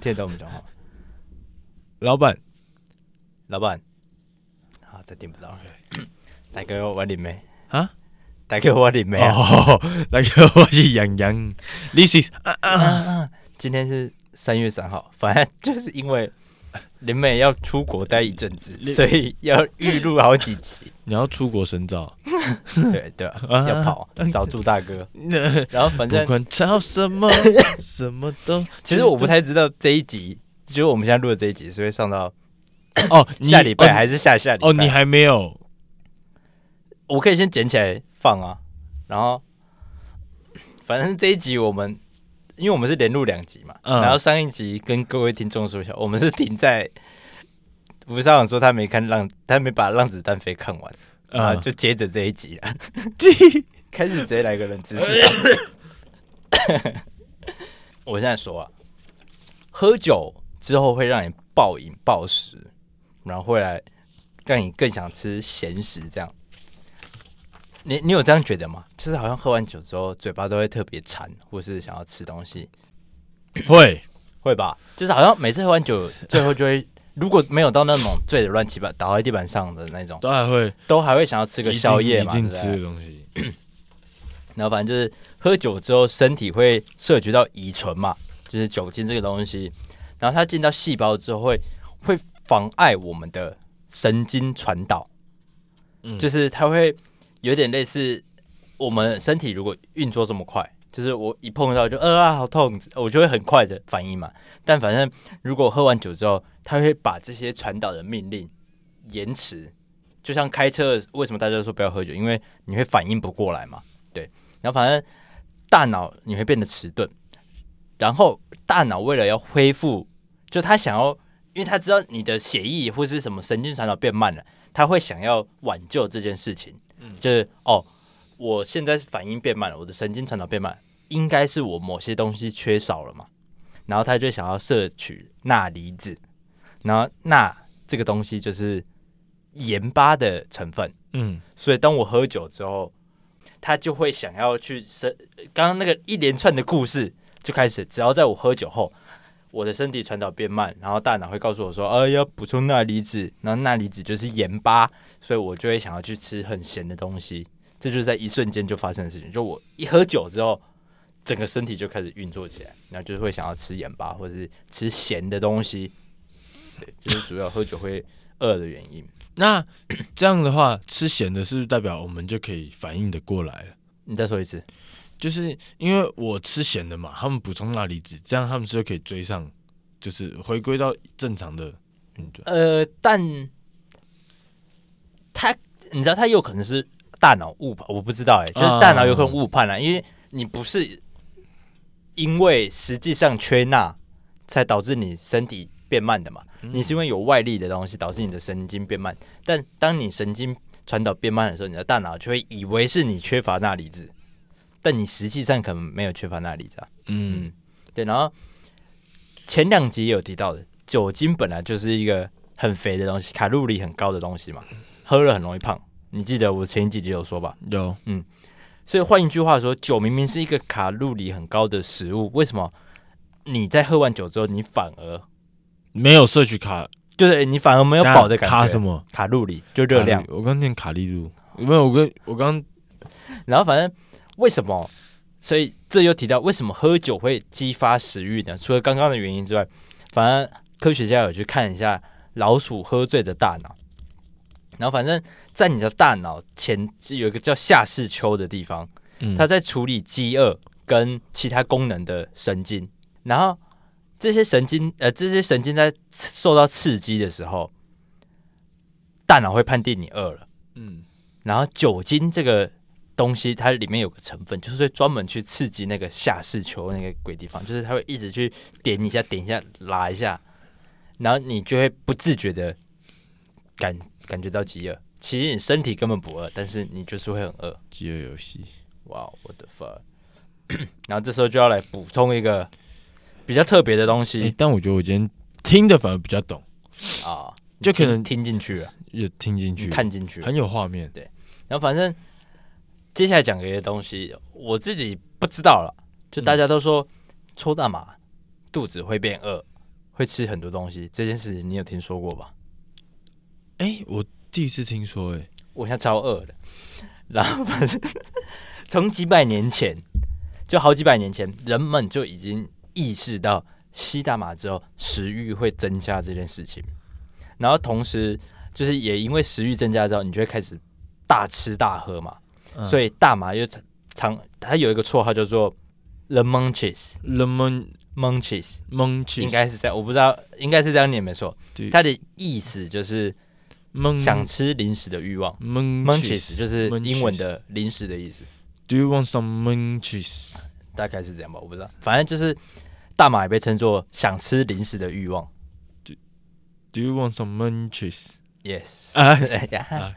聽得 到我們講話，老闆，老闆，好，再聽不到。大哥，我李梅啊，大哥，我李梅啊，大哥，我是楊洋。This is，今天是三月三號，反正就是因為。林美要出國待一陣子，所以要預錄好幾集。你要出國深造？ 對對、啊啊、要跑找朱大哥。然後反正不管找什麼，什麼都……其實我不太知道這一集，就是我們現在錄的這一集是會上到哦你 下禮拜還是下下禮拜？哦，你還沒有？我可以先撿起來放啊。然後，反正這一集我們。因為我們是連錄兩集嘛、嗯，然後上一集跟各位聽眾說一下，我們是停在吳少朗說他沒看讓，他沒把《讓子彈飛》看完，啊、嗯，就接着這一集、嗯、開始直接來個冷知識、啊，嗯、 我現在說啊，喝酒之後會讓你暴飲暴食，然後會來讓你更想吃鹹食，這樣。你你有這樣覺得嗎？就是好像喝完酒之後，嘴巴都會特別饞，或是想要吃東西，會會吧？就是好像每次喝完酒，最後就會 如果沒有到那種醉的亂七八糟倒在地板上的那種，都還會都還會想要吃個宵夜嘛？吃的東西，對對。 然後反正就是喝酒之後，身體會攝取到乙醇嘛，就是酒精這個東西。然後它進到細胞之後會，會會妨礙我們的神經傳導，嗯，就是它會。有點類似我們身體如果運作這麼快，就是我一碰到就呃啊好痛，我就會很快的反應嘛。但反正如果喝完酒之後，他會把這些傳導的命令延遲，就像開車，為什麼大家都說不要喝酒？因為你會反應不過來嘛。對，然後反正大腦你會變得遲鈍，然後大腦為了要恢復，就他想要，因為他知道你的血液或是什麼神經傳導變慢了，他會想要挽救這件事情。就是哦，我現在是反應變慢了，我的神經傳導變慢，應該是我某些東西缺少了嘛。然後他就想要攝取鈉離子，然後鈉這個東西就是鹽巴的成分。嗯，所以當我喝酒之後，他就會想要去，剛剛那個一連串的故事就開始，只要在我喝酒後。我的身體傳導變慢，然後大腦會告訴我說：“哎呀，要補充鈉離子。”然後鈉離子就是鹽巴，所以我就會想要去吃很鹹的東西。這就是在一瞬間就發生的事情。就我一喝酒之後，整個身體就開始運作起來，然後就會想要吃鹽巴或者是吃鹹的東西。對，這是主要喝酒會餓的原因。那這樣的話，吃鹹的是不是代表我們就可以反應得過來了？你再說一次。就是因為我吃鹹的嘛，他們補充鈉離子，這樣他們是就可以追上，就是回歸到正常的運轉。呃，但他你知道，他有可能是大腦誤判，我不知道哎、欸，就是大腦有可能誤判了、啊嗯，因為你不是因為實際上缺鈉才導致你身體變慢的嘛、嗯，你是因為有外力的東西導致你的神經變慢，但當你神經傳導變慢的時候，你的大腦就會以為是你缺乏鈉離子。但你實際上可能沒有缺乏鈉離子。嗯，對。然後前兩集也有提到的，酒精本來就是一個很肥的東西，卡路里很高的東西嘛，喝了很容易胖。你記得我前幾集有說吧？有。嗯，所以換一句話說，酒明明是一個卡路里很高的食物，為什麼你在喝完酒之後，你反而沒有攝取卡？就是你反而沒有飽的感覺。卡什麼？卡路里，就熱量。我剛聽卡利路，沒有。我剛，我剛， 然後反正。為什麼？所以這又提到為什麼喝酒會激發食欲呢？除了剛剛的原因之外，反正科學家有去看一下老鼠喝醉的大腦，然後反正，在你的大腦前有一個叫下視丘的地方，嗯，他在處理飢餓跟其他功能的神經，嗯、然後這些神經呃，這些神經在受到刺激的時候，大腦會判定你餓了，嗯，然後酒精這個。東西它裡面有個成分，就是會專門去刺激那個下視丘，那個鬼地方，就是它會一直去點一下、點一下、拉一下，然後你就會不自覺的感感覺到飢餓。其實你身體根本不餓，但是你就是會很餓。飢餓遊戲，哇、wow，我的媽！然後這時候就要來補充一個比較特別的東西、欸。但我覺得我今天聽的反而比較懂啊、哦，就可能聽進去了，也聽進去，看進去，很有畫面。對，然後反正。接下來講的一些東西，我自己不知道了。就大家都說、嗯、抽大麻肚子會變餓，會吃很多東西，這件事情你有聽說過吧？哎、欸，我第一次聽說、欸，哎，我現在超餓的。然後，反正從幾百年前，就好幾百年前，人們就已經意識到吸大麻之後食慾會增加這件事情。然後同時，就是也因為食慾增加之後，你就會開始大吃大喝嘛。所以大麻又常他有一個綽號叫做 the munchies the munchies munchies munchies 應該是這樣，我不知道應該是這樣念沒錯。它的意思就是想吃零食的欲望 munchies 就是英文的零食的意思。Do you want some munchies？大概是這樣吧，我不知道，反正就是大麻也被稱作想吃零食的欲望。Do you want some munchies？Yes、啊。哈哈哈。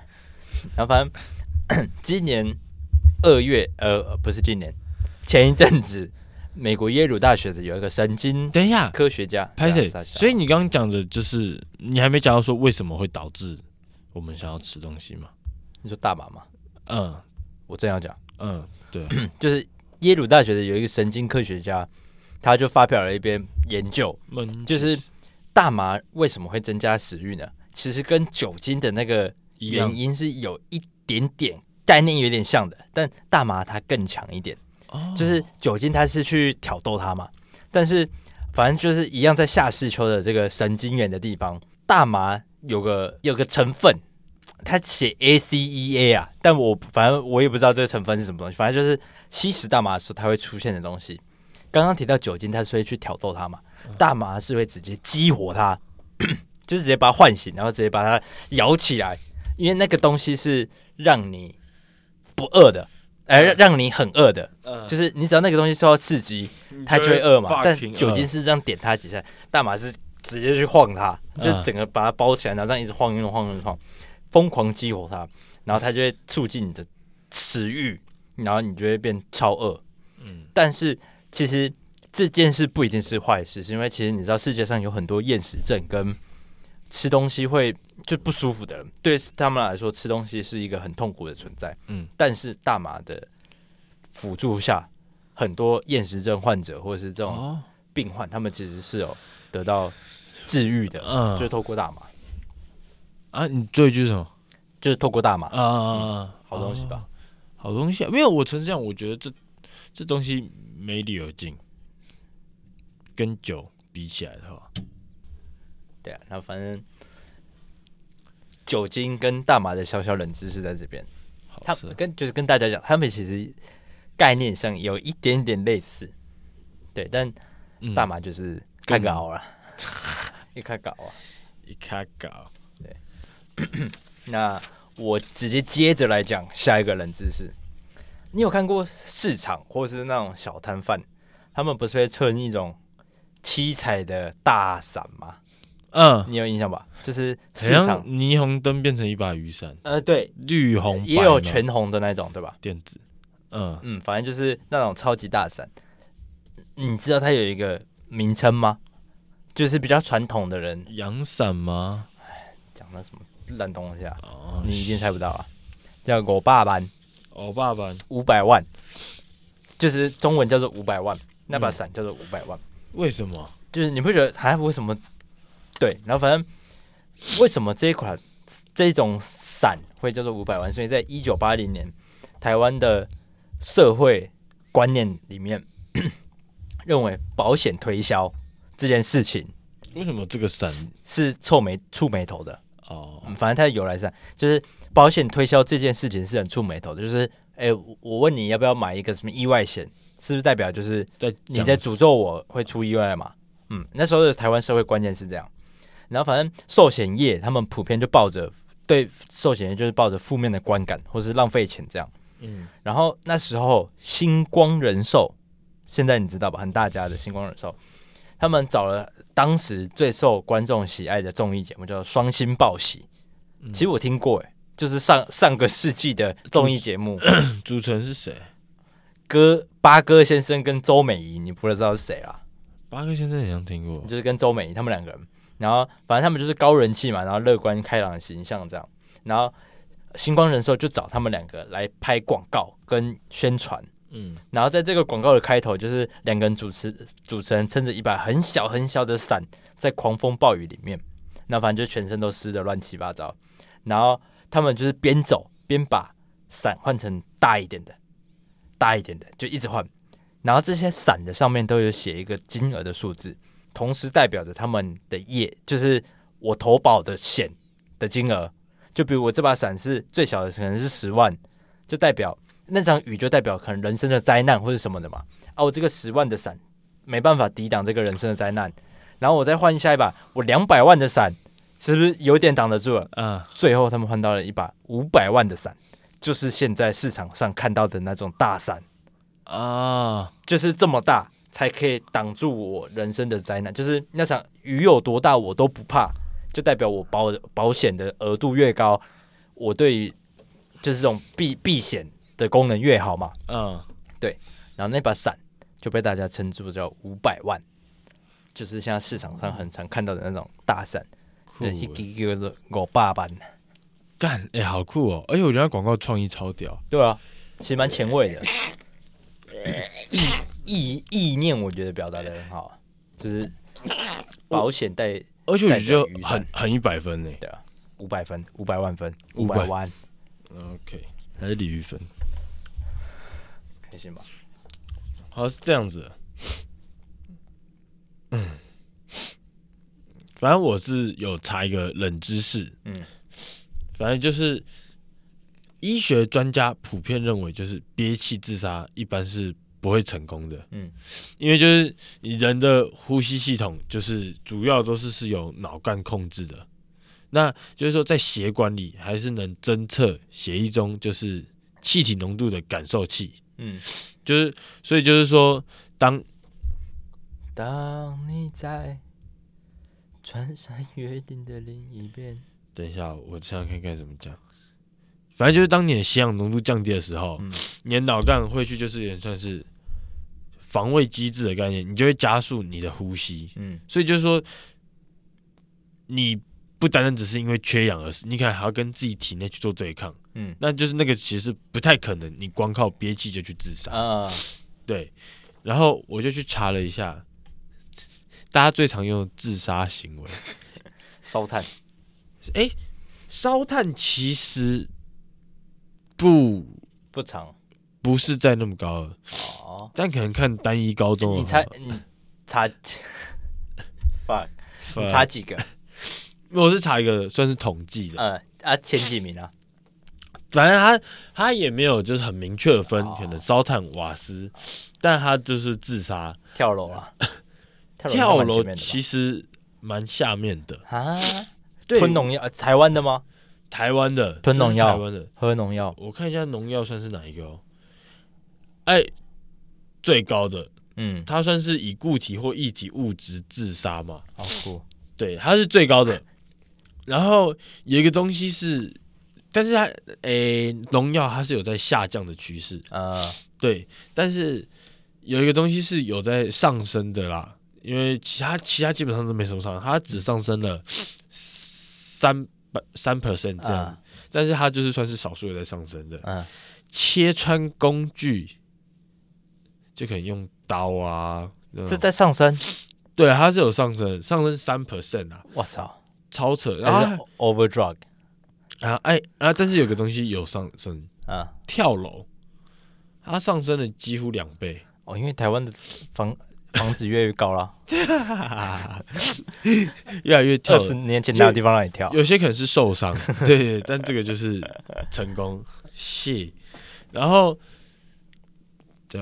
然後反正 今年二月，呃，不是今年，前一陣子，美國耶魯大學的有一個神經科學家，所以你剛剛講的，就是你還沒講到說為什麼會導致我們想要吃東西嗎？你說大麻嗎？嗯，我正要講，嗯，對， 就是耶魯大學的有一個神經科學家，他就發表了一篇研究，就是大麻為什麼會增加食欲呢？其實跟酒精的那個原因是有一。點點概念有點像的，但大麻它更強一點，oh. 就是酒精它是去挑逗它嘛，但是反正就是一樣在下視丘的這個神經元的地方，大麻有個有個成分，它寫 ACEA 啊，但我反正我也不知道這個成分是什麼東西，反正就是吸食大麻的時候它會出現的東西。剛剛提到酒精，它是會去挑逗它嘛，大麻是會直接激活它， 就是直接把它喚醒，然後直接把它搖起來。因為那個東西是讓你不餓的，uh, 而讓你很餓的，uh, 就是你只要那個東西受到刺激，它就會餓嘛。但酒精是這樣點它幾下，大麻是直接去晃它，uh, 就整個把它包起來，然後這樣一直晃、一晃、一晃、晃、晃、晃，瘋狂激活它，然後它就會促進你的食欲，然後你就會變超餓。Um, 但是其實這件事不一定是壞事，是因為其實你知道世界上有很多厭食症跟。吃東西會就不舒服的人，對他們來說吃東西是一個很痛苦的存在。嗯，但是大麻的輔助下，很多厭食症患者或者是這種病患，哦，他們其實是有得到治癒的。嗯，就是，透過大麻啊，你最一句什麼？就是透過大麻啊，嗯嗯，好東西吧。哦？好東西啊？沒有，我曾經這樣，我覺得這這東西沒理由禁，跟酒比起來的話。對啊，然後反正酒精跟大麻的小小冷知識在這邊，好，他跟就是跟大家講，他們其實概念上有一點點類似，對，但大麻就是開搞了，一、嗯、開 搞啊，一開搞，對咳咳。那我直接接着來講下一個冷知識，你有看過市場或是那種小攤販，他們不是會撐那種七彩的大傘嗎？嗯，你有印象吧？就是像霓虹燈變成一把雨傘。呃，對，綠紅也有全紅的那種，對吧？電子，嗯嗯，反正就是那種超級大傘。你知道它有一個名稱嗎？就是比較傳統的人陽傘嗎？講的什麼爛東西啊、哦？你一定猜不到啊！叫歐巴板，歐巴板五百萬,萬,萬、嗯，就是中文叫做五百萬，嗯，那把傘叫做五百萬。為什麼？就是你不覺得他還為什麼？對，然後反正為什麼這一款這一種傘會叫做五百萬？所以在一九八零年台灣的社會觀念裡面，認為保險推銷這件事情，為什麼這個傘是,是臭眉觸霉頭的？哦、oh.，反正它的由來是，就是保險推銷這件事情是很觸霉頭的，就是哎，我問你要不要買一個什麼意外險，是不是代表就是你在詛咒我會出意外嘛？嗯，那時候的台灣社會觀念是這樣。然後反正壽險業，他們普遍就抱着對壽險業就是抱着負面的觀感，或者是浪費錢這樣。嗯。然後那時候，星光人壽，現在你知道吧？很大家的星光人壽，他們找了當時最受觀眾喜愛的綜藝節目，叫《雙星報喜》。嗯。其實我聽過，哎，就是上上個世紀的綜藝節目。主持人是誰？哥八哥先生跟周美儀，你不會知道是誰啊，八哥先生也想聽過、嗯。就是跟周美儀他們兩個人。然後，反正他們就是高人氣嘛，然後樂觀開朗的形象這樣。然後，星光人壽就找他們兩個來拍廣告跟宣傳。嗯，然後在這個廣告的開頭，就是兩個人主持主持人撐着一把很小很小的傘，在狂風暴雨裡面，然後反正就全身都濕得亂七八糟。然後他們就是邊走邊把傘換成大一點的，大一點的就一直換。然後這些傘的上面都有寫一個金額的數字。同時代表着他們的業，就是我投保的險的金額。就比如我這把傘是最小的，可能是十萬，就代表那場雨，就代表可能人生的災難或是什麼的嘛。啊，我這個十萬的傘沒辦法抵擋這個人生的災難，然後我再換下一把，我兩百萬的傘，是不是有點擋得住了？嗯、uh.，最後他們換到了一把五百萬的傘，就是現在市場上看到的那種大傘啊，uh. 就是這麼大。才可以擋住我人生的災難，就是那場雨有多大我都不怕，就代表我保保險的額度越高，我對就是這種避避險的功能越好嘛。嗯，對。然後那把傘就被大家稱之為叫五百萬，就是現在市場上很常看到的那種大傘，一個個五百萬。幹，好酷哦！而、欸、且我覺得廣告創意超屌。對啊，其實蠻前衛的。 意意念，我覺得表達的很好，就是保險帶，而且我覺得就很很一百分呢、欸，對，五百分，五百萬分，五百萬，OK，還是李玉芬。開心吧？好像是這樣子，嗯，反正我是有查一個冷知識，嗯，反正就是醫學專家普遍認為，就是憋氣自殺一般是。不會成功的，嗯，因為就是你人的呼吸系統就是主要都是是由腦幹控制的，那就是說在血管裡還是能偵測血液中就是氣體濃度的感受器，嗯，就是所以就是說當當你在穿山越嶺的另一邊，等一下我這樣看看怎麼講，反正就是當你的血氧濃度降低的時候，嗯，你的腦幹會去就是也算是。防衛機制的概念，你就會加速你的呼吸，嗯，所以就是說，你不單單只是因為缺氧而死，你可能還要跟自己體內去做對抗，嗯，那就是那個其實不太可能，你光靠憋氣就去自殺啊，嗯。對，然後我就去查了一下，大家最常用的自殺行為，燒 炭。哎、欸，燒炭其實不不常。不是在那麼高、哦，但可能看單一高中你，你查你查 你查幾個？如果 是查一個算是統計的。呃啊，前幾名啊？反正他他也沒有就是很明確的分，哦、可能燒炭、瓦斯、哦，但他就是自殺、跳樓啊。跳樓其實蠻下面的啊，對吞農藥、呃？台灣的嗎？台灣的吞農藥，就是、台灣的喝農藥。我看一下農藥算是哪一個哦。哎、欸，最高的，嗯，它算是以固體或液體物質自殺嘛？好酷。哦， 對，它是最高的。然後有一個東西是，但是它，哎、欸，農藥它是有在下降的趨勢啊、呃。對，但是有一個東西是有在上升的啦，因為其他其他基本上都沒什麼上升，它只上升了三三 percent 這樣、呃，但是它就是算是少數有在上升的。嗯、呃，切穿工具。就可能用刀啊，這在上升，對，它是有上升，上升三 percent 啊，我操，超扯，啊、overdrug，啊、哎、啊、但是有個東西有上升啊，跳樓，它上升了幾乎兩倍哦，因為台灣的房房子越來越高了， 越來越跳，年前哪個地方讓你跳？有些可能是受傷， 對，對，對但這個就是成功是，然後。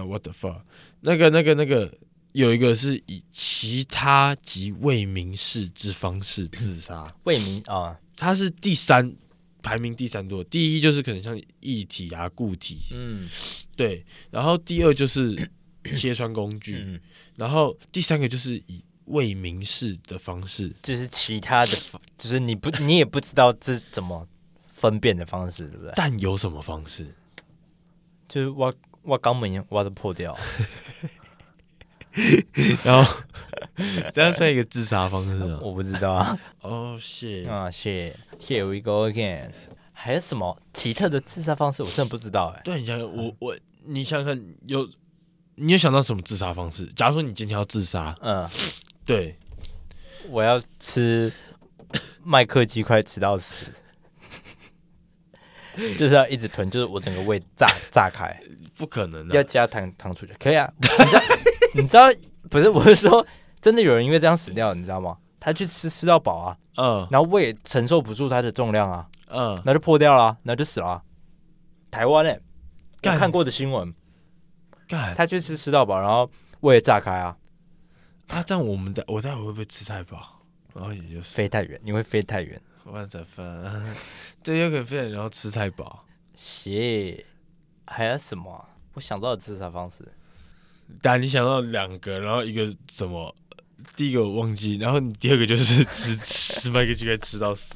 What the fuck？那個、那個、那個，有一個是以其他及未明示之方式自殺， 未明啊、哦，它是第三，排名第三多。第一就是可能像液體啊、固體，嗯，對。然後第二就是切穿工具， 然後第三個就是以未明示的方式，就是其他的，就是你不， 你也不知道這怎麼分辨的方式，對不對？但有什麼方式？就是我。我肛門挖都破掉， 然後這樣算一個自殺方式嗎？ 我不知道啊。Oh, shit. Oh, shit.Here we go again。還有什麼奇特的自殺方式？我真的不知道哎、欸。對你想想，我我，你想想，有，你有想到什麼自殺方式？假如說你今天要自殺，嗯，對，我要吃麥克雞塊吃到死。就是要一直囤，就是我整個胃炸炸開，不可能。要加糖糖醋醬，可以啊。你知道？ 你知道？不是，我是說，真的有人因為這樣死掉，你知道嗎？他去吃吃到飽啊，嗯，然後胃承受不住它的重量啊，嗯，那就破掉了、啊，那就死了、啊。台灣呢、欸，看過的新聞，他去吃吃到飽，然後胃也炸開啊。啊，這樣我們的我待會會不會吃太飽？然後也就是飛太遠，你會飛太遠。晚餐飯，對，有可能非常然後吃太飽。邪，還有什麼？我想到了自殺方式，但你想到兩個，然後一個什麼？第一個我忘記，然後你第二個就是吃 吃，買一個就可以吃到死。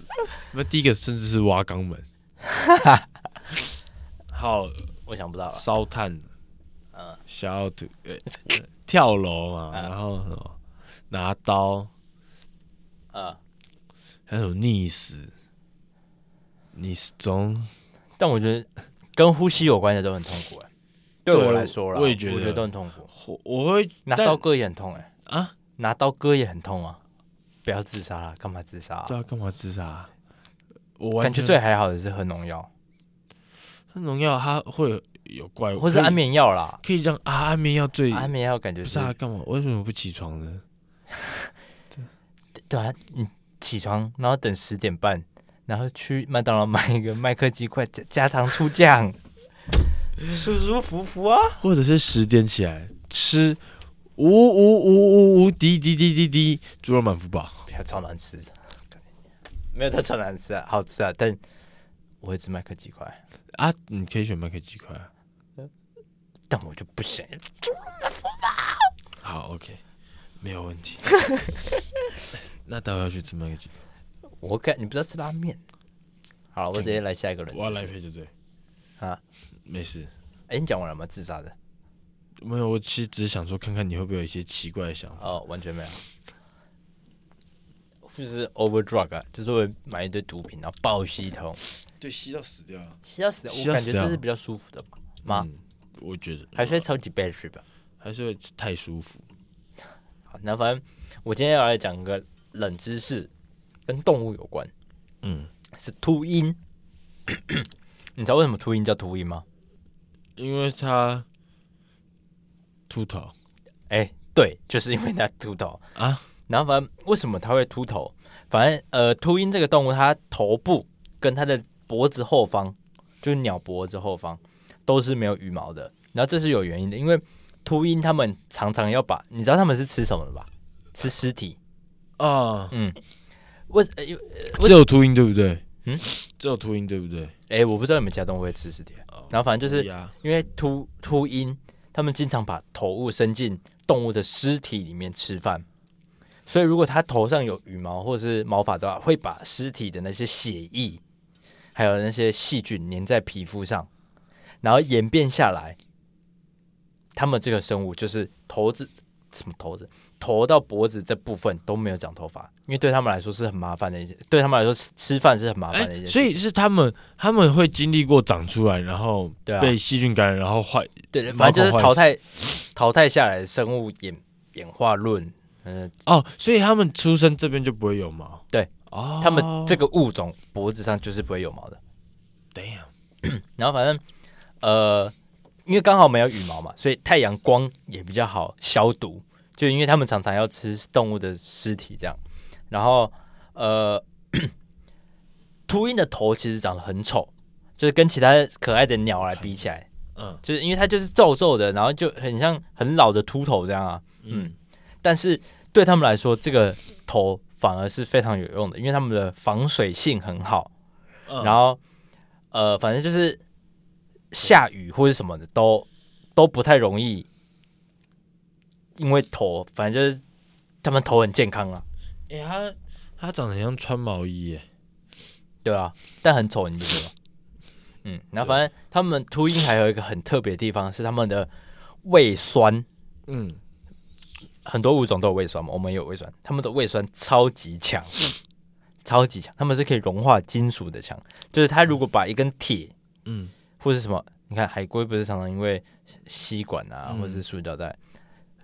那 第一個甚至是挖肛門。 好，我想不到了、啊。燒炭。嗯、uh, 小土。欸、 跳樓嘛，uh, 然後什麼？拿刀。嗯、uh.。還有溺死、溺死中，但我覺得跟呼吸有關的都很痛苦哎、欸。對我來說啦，我也覺得，我覺得都很痛苦。我我會拿刀割也很痛哎、欸、啊！拿刀割也很痛啊！不要自殺啦，幹嘛自殺？對啊，幹嘛自殺？我感覺最還好的是喝農藥。喝農藥它會有怪物，或是安眠藥啦可，可以讓啊安眠藥最、啊、安眠藥感覺是，不是啊，幹嘛？為什麼不起床呢？ 對，對啊，你、嗯。起床，然後等十點半，然後去麥當勞買一個麥克雞塊加糖醋醬， 舒舒服服啊！或者是十點起來吃無無無無無敵滴滴滴滴滴豬肉滿福堡，比較超難吃，沒有它超難吃啊，好吃啊！但我也吃麥克雞塊啊，你可以選麥克雞塊啊，但我就不行豬肉滿福堡。好，OK。沒有問題。 那待會要去吃麥記，我敢你不知道吃拉麵。好，我直接來下一個人，我要來配就對。啊，沒事。哎、欸，你講完了嗎？自殺的？沒有，我其實只是想說，看看你會不會有一些奇怪的想法。哦，完全沒有。就是 overdrug，啊，就是會買一堆毒品然後暴吸一通，對吸，吸到死掉，吸到死掉。我感覺就是比較舒服的嘛？嗯、我覺得還是會超級 bad trip，i 是、啊、吧、啊？還是會太舒服。然後，反正我今天要來講個冷知識，跟動物有關。嗯，是禿鷹。 你知道為什麼禿鷹叫禿鷹嗎？因為它禿頭。哎、欸，對，就是因為它禿頭啊。然後，反正為什麼它會禿頭？反正呃，禿鷹這個動物，它頭部跟它的脖子後方，就是鳥脖子後方，都是沒有羽毛的。然後，這是有原因的，因為。禿鷹他們常常要把，你知道他們是吃什麼的吧？吃屍體啊，uh, 嗯，為只有禿鷹對不對？嗯，只有禿鷹對不對？哎、欸，我不知道你們家動物會吃屍體，啊。Oh, 然後反正就是，oh yeah. 因為禿禿鷹他們經常把頭物伸進動物的屍體裡面吃飯，所以如果它頭上有羽毛或者是毛髮的話，會把屍體的那些血液還有那些細菌粘在皮膚上，然後演變下來。他們這個生物就是頭子，什麼頭子，頭到脖子這部分都沒有長頭髮，因為對他們來說是很麻煩的一件，對他們來說吃飯是很麻煩的一件事、欸。所以是他們他們會經歷過長出來，然後被細菌感染，然後壞。對、啊、對反正就是淘汰淘汰下來的生物演演化論，嗯、呃、哦，oh, 所以他們出生這邊就不會有毛。對哦，oh. 他們這個物種脖子上就是不會有毛的。對呀，然後反正呃。因為剛好沒有羽毛嘛，所以太陽光也比較好消毒。就因為他們常常要吃動物的屍體這樣，然後呃，禿鷹 的頭其實長得很醜，就是跟其他可愛的鳥來比起來，嗯，就是因為它就是皺皺的，然後就很像很老的禿頭這樣啊嗯，嗯。但是對他們來說，這個頭反而是非常有用的，因為他們的防水性很好。嗯、然後呃，反正就是。下雨或者什麼的都都不太容易，因為頭反正、就是、他們頭很健康啊。欸、他他長得很像穿毛衣耶，對啊，但很醜，你知道嗎？嗯，然後反正他們禿鷹還有一個很特別的地方是他們的胃酸，嗯，很多物種都有胃酸嘛，我們也有胃酸，他們的胃酸超級強，嗯，超級強，他們是可以融化金屬的強，就是他如果把一根鐵，嗯。嗯或是什麼？你看海龜不是常常因為吸管啊，或者是塑料袋？嗯、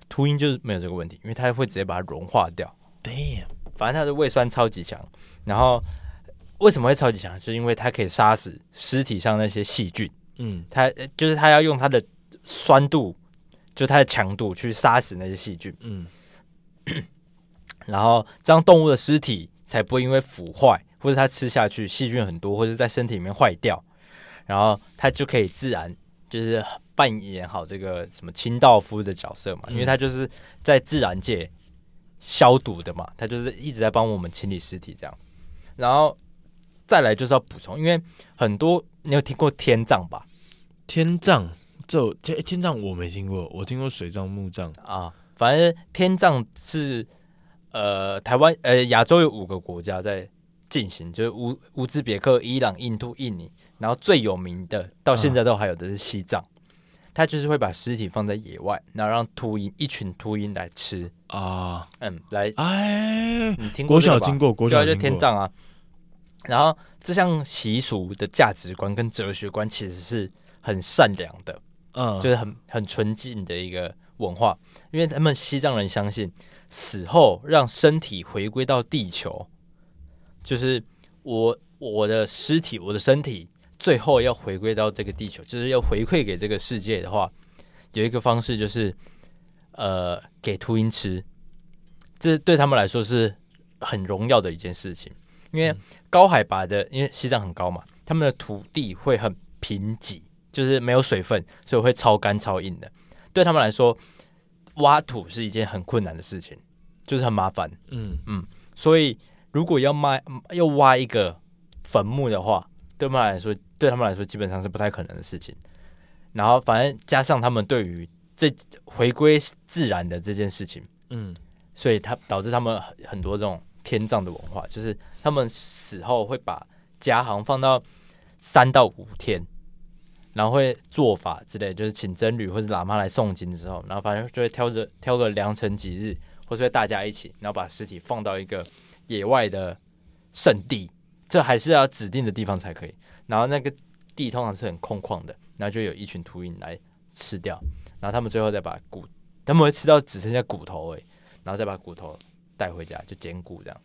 禿鷹就是沒有這個問題，因為它會直接把它融化掉。對，反正它的胃酸超級強。然後為什麼會超級強？就是因為它可以殺死屍體上那些細菌。嗯，它就是它要用它的酸度，就它的強度去殺死那些細菌。嗯， 然後這樣動物的屍體才不會因為腐壞，或者它吃下去細菌很多，或者在身體裡面壞掉。然後他就可以自然就是扮演好這個什麼清道夫的角色嘛，因為他就是在自然界消毒的嘛，他就是一直在幫我們清理屍體這樣。然後再來就是要補充，因為很多你有聽過天葬吧？天葬這天天葬我沒聽過，我聽過水葬、墓葬。啊，反正天葬是呃台灣呃亞洲有五個國家在。進行就是烏烏茲別克、伊朗、印度、印尼，然後最有名的到現在都還有的是西藏，嗯、他就是會把屍體放在野外，然後讓禿鷹一群禿鷹來吃啊，嗯，來哎，你聽過對吧國小經過，國小經過？對，就是、天葬啊。然後這項習俗的價值觀跟哲學觀其實是很善良的，嗯，就是很很純淨的一個文化，因為他們西藏人相信死後讓身體回歸到地球。就是我我的屍體我的身體最後要回歸到這個地球，就是要回饋給這個世界的話，有一個方式就是，呃，給禿鷹吃，這對他們來說是很榮耀的一件事情。因為高海拔的、嗯，因為西藏很高嘛，他們的土地會很貧瘠，就是沒有水分，所以會超乾超硬的。對他們來說，挖土是一件很困難的事情，就是很麻煩。嗯嗯，所以。如果要埋，要挖一個墳墓的話，對他們來說，對他們來說基本上是不太可能的事情。然後，反正加上他們對於這回歸自然的這件事情，嗯，所以他導致他們很多這種天葬的文化，就是他們死後會把家行放到三到五天，然後會做法之類，就是請僧侶或者喇嘛來誦經的時候，然後反正就會挑着挑個良辰吉日，或者大家一起，然後把屍體放到一個。野外的聖地，這還是要指定的地方才可以。然後那個地通常是很空曠的，然後就有一群禿鷹來吃掉。然後他們最後再把骨，他們會吃到只剩下骨頭哎，然後再把骨頭帶回家就撿骨這樣。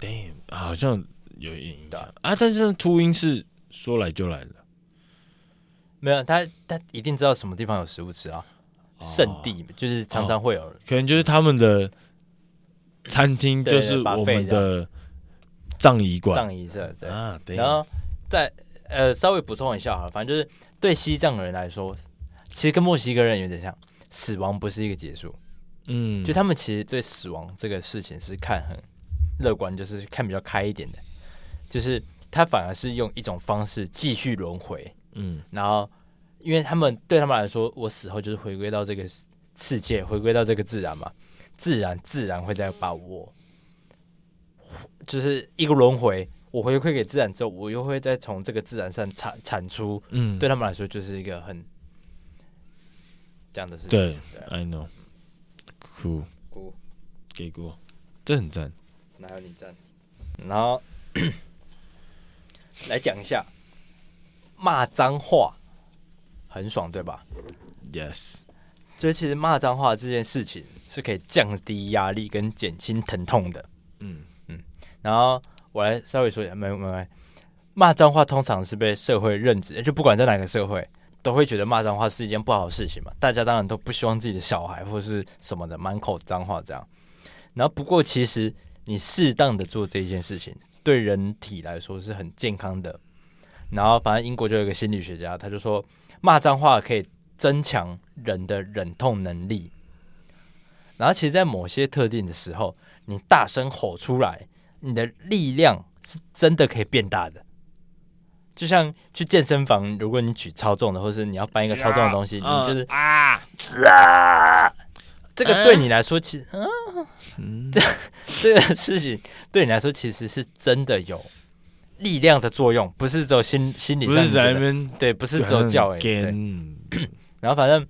Damn，好像有影響啊，啊！但是禿鷹是說來就來了，沒有他他一定知道什麼地方有食物吃啊。聖、哦、地就是常常會有人、哦，可能就是他們的。餐廳就是我們的葬儀館，葬儀社，啊。對，然後再呃，稍微補充一下哈，反正就是對西藏人來說，其實跟墨西哥人有點像，死亡不是一個結束。嗯，就他們其實對死亡這個事情是看很樂觀，就是看比較開一點的，就是他反而是用一種方式繼續輪迴。嗯，然後因為他們對他們來說，我死後就是回歸到這個世界，回歸到這個自然嘛。自然自然會再把握，就是一個輪迴。我回饋給自然之後，我又會再從這個自然上產產出。嗯，對他們來說就是一個很這樣的事情。對，對，I know，cool，cool，給酷，這很讚。哪有你讚？然後 來講一下罵髒話，很爽，對吧？Yes。所以其實罵髒話這件事情是可以降低壓力跟減輕疼痛的，嗯。嗯嗯，然後我來稍微說一下，沒沒沒。罵髒話通常是被社會認知，就不管在哪個社會，都會覺得罵髒話是一件不好的事情嘛。大家當然都不希望自己的小孩或是什麼的滿口髒話這樣。然後不過其實你適當的做這一件事情，對人體來說是很健康的。然後反正英國就有一個心理學家，他就說罵髒話可以。增強人的忍痛能力，然後其實，在某些特定的時候，你大聲吼出來，你的力量是真的可以變大的。就像去健身房，如果你舉超重的，或者是你要搬一個超重的東西，啊、你就是啊啊！這個對你來說，其實、啊啊、嗯，這 這個事情對你來說，其實是真的有力量的作用，不是只有心心理，上們對，不是只有教誒、欸。 然後，反正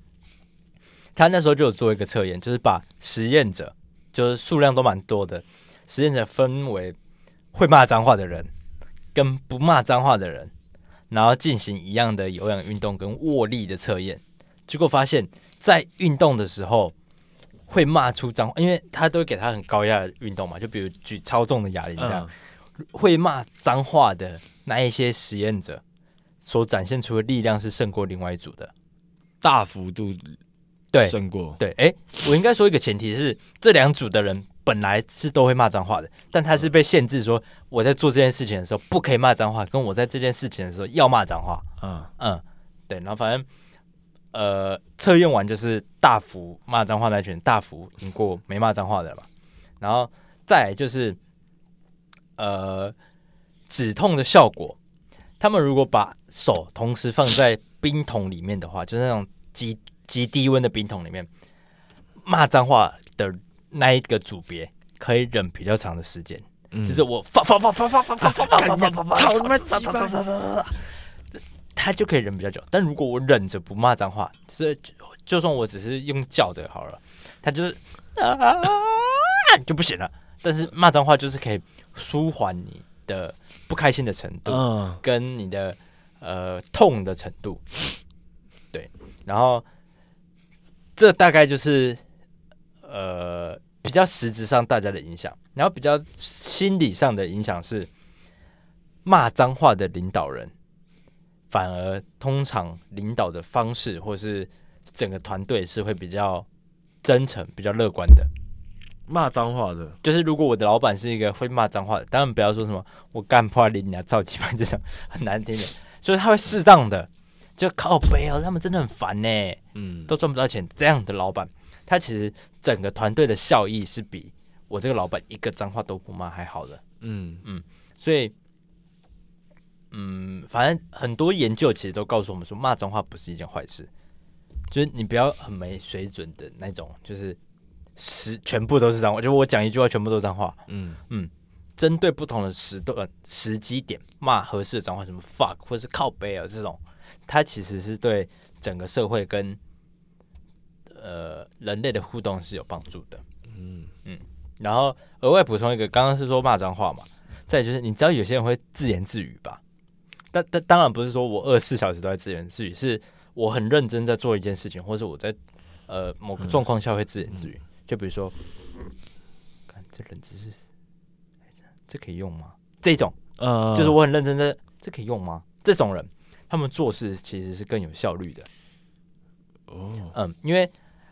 他那時候就有做一個測驗，就是把實驗者，就是數量都蠻多的實驗者，分為會罵髒話的人跟不罵髒話的人，然後進行一樣的有氧運動跟握力的測驗。結果發現，在運動的時候會罵出髒話，因為他都會給他很高壓的運動嘛，就比如舉超重的啞鈴這樣。嗯。會罵髒話的那一些實驗者，所展現出的力量是勝過另外一組的。大幅度過對勝過對哎、欸，我應該說一個前提是，這兩組的人本來是都會罵髒話的，但他是被限制說，我在做這件事情的時候不可以罵髒話，跟我在這件事情的時候要罵髒話，嗯嗯，對，然後反正呃，測驗完就是大幅罵髒話那群大幅贏過沒罵髒話的了嘛，然後再來就是呃止痛的效果，他們如果把手同時放在冰桶裡面的話，就是、那種。極極低溫的冰桶裡面，罵髒話的那一個組別可以忍比較長的時間，就是我發發發發發發發發發發發發，他就可以忍比較久。但如果我忍着不罵髒話，是就算我只是用叫的好了，他就是就不行了。但是罵髒話就是可以舒緩你的不開心的程度，跟你的呃痛的程度。然後，這大概就是呃比較實質上大家的影響，然後比較心理上的影響是，罵髒話的領導人，反而通常領導的方式或是整個團隊是會比較真誠、比較樂觀的。罵髒話的，就是如果我的老板是一個會罵髒話的，當然不要說什麼我幹破了你，你要造雞巴，這種很難聽的，所以他會適當的。 就靠北啊、哦！他們真的很煩呢。嗯，都賺不到錢，這樣的老板，他其實整個團隊的效益是比我這個老板一個髒話都不罵還好的。嗯嗯，所以，嗯，反正很多研究其實都告訴我們說，罵髒話不是一件壞事。就是你不要很沒水準的那種，就是十全部都是髒話，就我講一句話全部都是髒話。嗯嗯，針對不同的時段、時、呃、機點罵合適的髒話，什麼 fuck 或者是靠北啊這種。它其實是對整個社會跟呃人類的互動是有幫助的。嗯嗯。然後額外補充一個，剛剛是說罵髒話嘛，再就是你知道有些人會自言自語吧？但但當然不是說我二十四小時都在自言自語，是我很認真在做一件事情，或者我在呃某個狀況下會自言自語。嗯、就比如說，嗯、這人真、就是，這可以用嗎？這種呃，就是我很認真在，這可以用嗎？這種人。他們做事其實是更有效率的。Oh. 嗯，因為，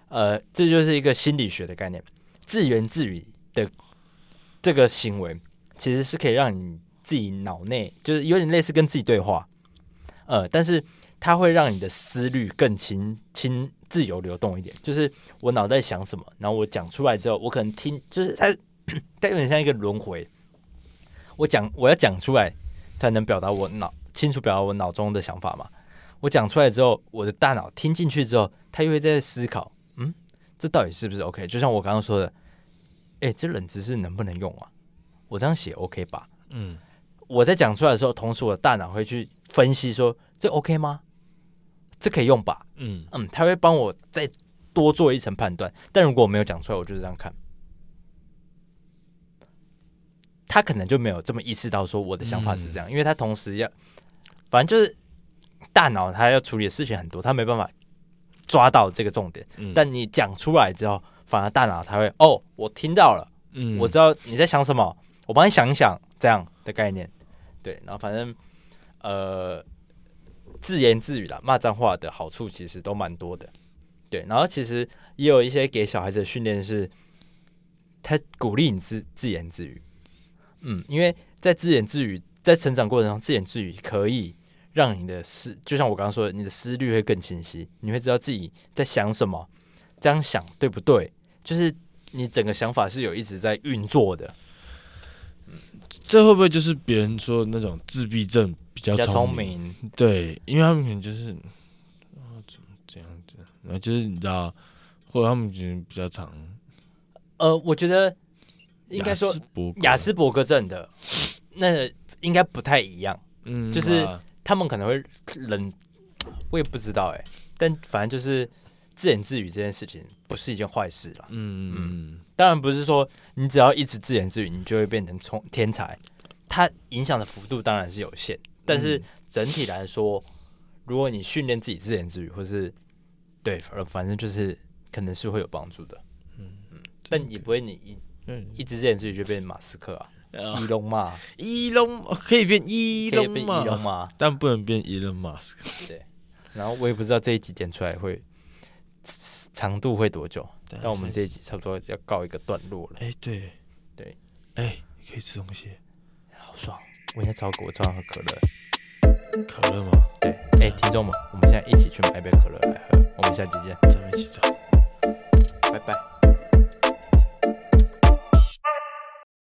呃，這就是一個心理學的概念，自言自語的這個行為其實是可以讓你自己腦內就是有點類似跟自己對話。呃，但是它會讓你的思慮更輕輕自由流動一點。就是我腦袋想什麼，然後我講出來之後，我可能聽，就是它，它有點像一個輪回。我講我要講出來才能表達我腦。清楚表達我腦中的想法嘛？我講出來之後，我的大腦聽進去之後，他又會在思考：嗯，這到底是不是 OK？就像我剛剛說的，哎、欸，這冷知識能不能用啊？我這樣寫 OK 吧？嗯，我在講出來的時候，同時我的大腦會去分析說：這 OK 嗎？這可以用吧？嗯嗯，他會幫我再多做一層判斷。但如果我沒有講出來，我就是這樣看，他可能就沒有這麼意識到說我的想法是這樣，嗯、因為他同時要。反正就是大腦，它要處理的事情很多，他沒辦法抓到這個重點。嗯、但你講出來之後，反而大腦才會哦，我聽到了、嗯，我知道你在想什麼，我幫你想一想這樣的概念。對，然後反正呃，自言自語啦，罵髒話的好處其實都蠻多的。對，然後其實也有一些給小孩子的訓練是，他鼓勵你自自言自語。嗯，因為在自言自語，在成長過程中自言自語可以。讓你的思，就像我剛剛說的，你的思慮會更清晰，你會知道自己在想什麼，這樣想對不對？就是你整個想法是有一直在運作的。嗯，這會不會就是別人說的那種自閉症比較聰明、明？對，因為他們可能就是啊，怎麼這樣子？然後就是你知道，或者他們覺得比較長。呃，我覺得應該說亞斯伯格症的那的應該不太一樣。嗯，就是。啊他們可能會冷，我也不知道哎、欸。但反正就是自言自語這件事情不是一件壞事啦。嗯嗯嗯。當然不是說你只要一直自言自語，你就會變成天才。它影響的幅度當然是有限，但是整體來說，如果你訓練自己自言自語，或是對，反正就是可能是會有幫助的。嗯嗯。但也不會，你一一直自言自語就變成馬斯克啊？伊隆嘛，伊隆可以變伊隆嘛，但不能變伊隆馬斯克。對， 然後我也不知道這一集剪出來會長度會多久， 但我們這一集差不多要告一個段落了。哎、欸，對，對，哎、欸，可以吃東西，好爽！我現在超渴，我超想喝可樂。可樂嗎？對，哎、欸，聽眾們，我們現在一起去買一杯可樂來喝。我們下集見，一起走拜拜。